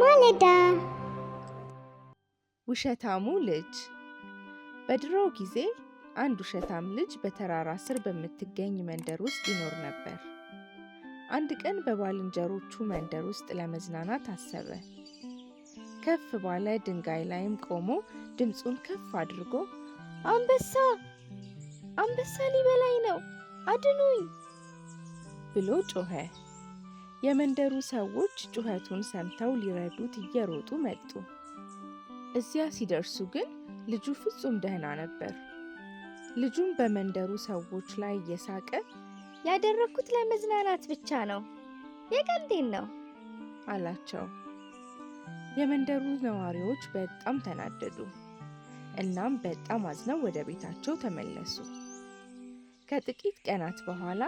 ማለዳ ውሸታሙ ልጅ። በድሮው ጊዜ አንድ ውሸታም ልጅ በተራራ ስር በምትገኝ መንደር ውስጥ ይኖር ነበር። አንድ ቀን በባልንጀሮቹ መንደር ውስጥ ለመዝናናት አሰበ። ከፍ ባለ ድንጋይ ላይም ቆሞ ድምፁን ከፍ አድርጎ አንበሳ አንበሳ ሊበላይ ነው፣ አድኑኝ ብሎ ጮኸ። የመንደሩ ሰዎች ጩኸቱን ሰምተው ሊረዱት እየሮጡ መጡ። እዚያ ሲደርሱ ግን ልጁ ፍጹም ደህና ነበር። ልጁም በመንደሩ ሰዎች ላይ እየሳቀ ያደረግኩት ለመዝናናት ብቻ ነው፣ የቀልዴን ነው አላቸው። የመንደሩ ነዋሪዎች በጣም ተናደዱ። እናም በጣም አዝነው ወደ ቤታቸው ተመለሱ። ከጥቂት ቀናት በኋላ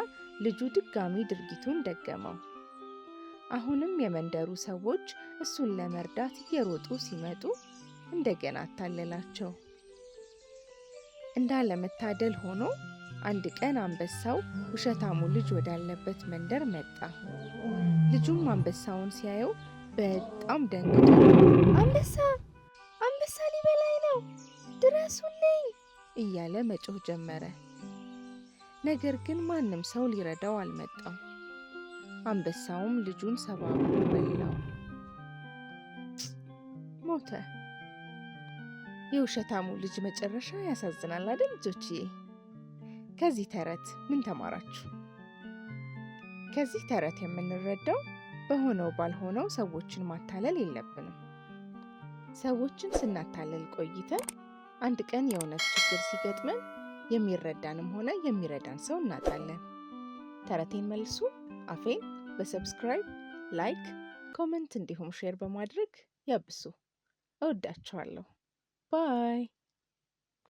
ልጁ ድጋሚ ድርጊቱን ደገመው። አሁንም የመንደሩ ሰዎች እሱን ለመርዳት እየሮጡ ሲመጡ እንደገና አታለላቸው። እንዳለመታደል ሆኖ አንድ ቀን አንበሳው ውሸታሙ ልጅ ወዳለበት መንደር መጣ። ልጁም አንበሳውን ሲያየው በጣም ደንግጦ አንበሳ አንበሳ ሊበላይ ነው ድረሱልኝ እያለ መጮህ ጀመረ። ነገር ግን ማንም ሰው ሊረዳው አልመጣም። አንበሳውም ልጁን ሰባብሮ በላው፣ ሞተ። የውሸታሙ ልጅ መጨረሻ ያሳዝናል አይደል ልጆችዬ? ከዚህ ተረት ምን ተማራችሁ? ከዚህ ተረት የምንረዳው በሆነው ባልሆነው ሰዎችን ማታለል የለብንም። ሰዎችን ስናታለል ቆይተን አንድ ቀን የእውነት ችግር ሲገጥመን የሚረዳንም ሆነ የሚረዳን ሰው እናጣለን። ተረቴን መልሱ አፌን በሰብስክራይብ ላይክ፣ ኮመንት እንዲሁም ሼር በማድረግ ያብሱ። እወዳችኋለሁ። ባይ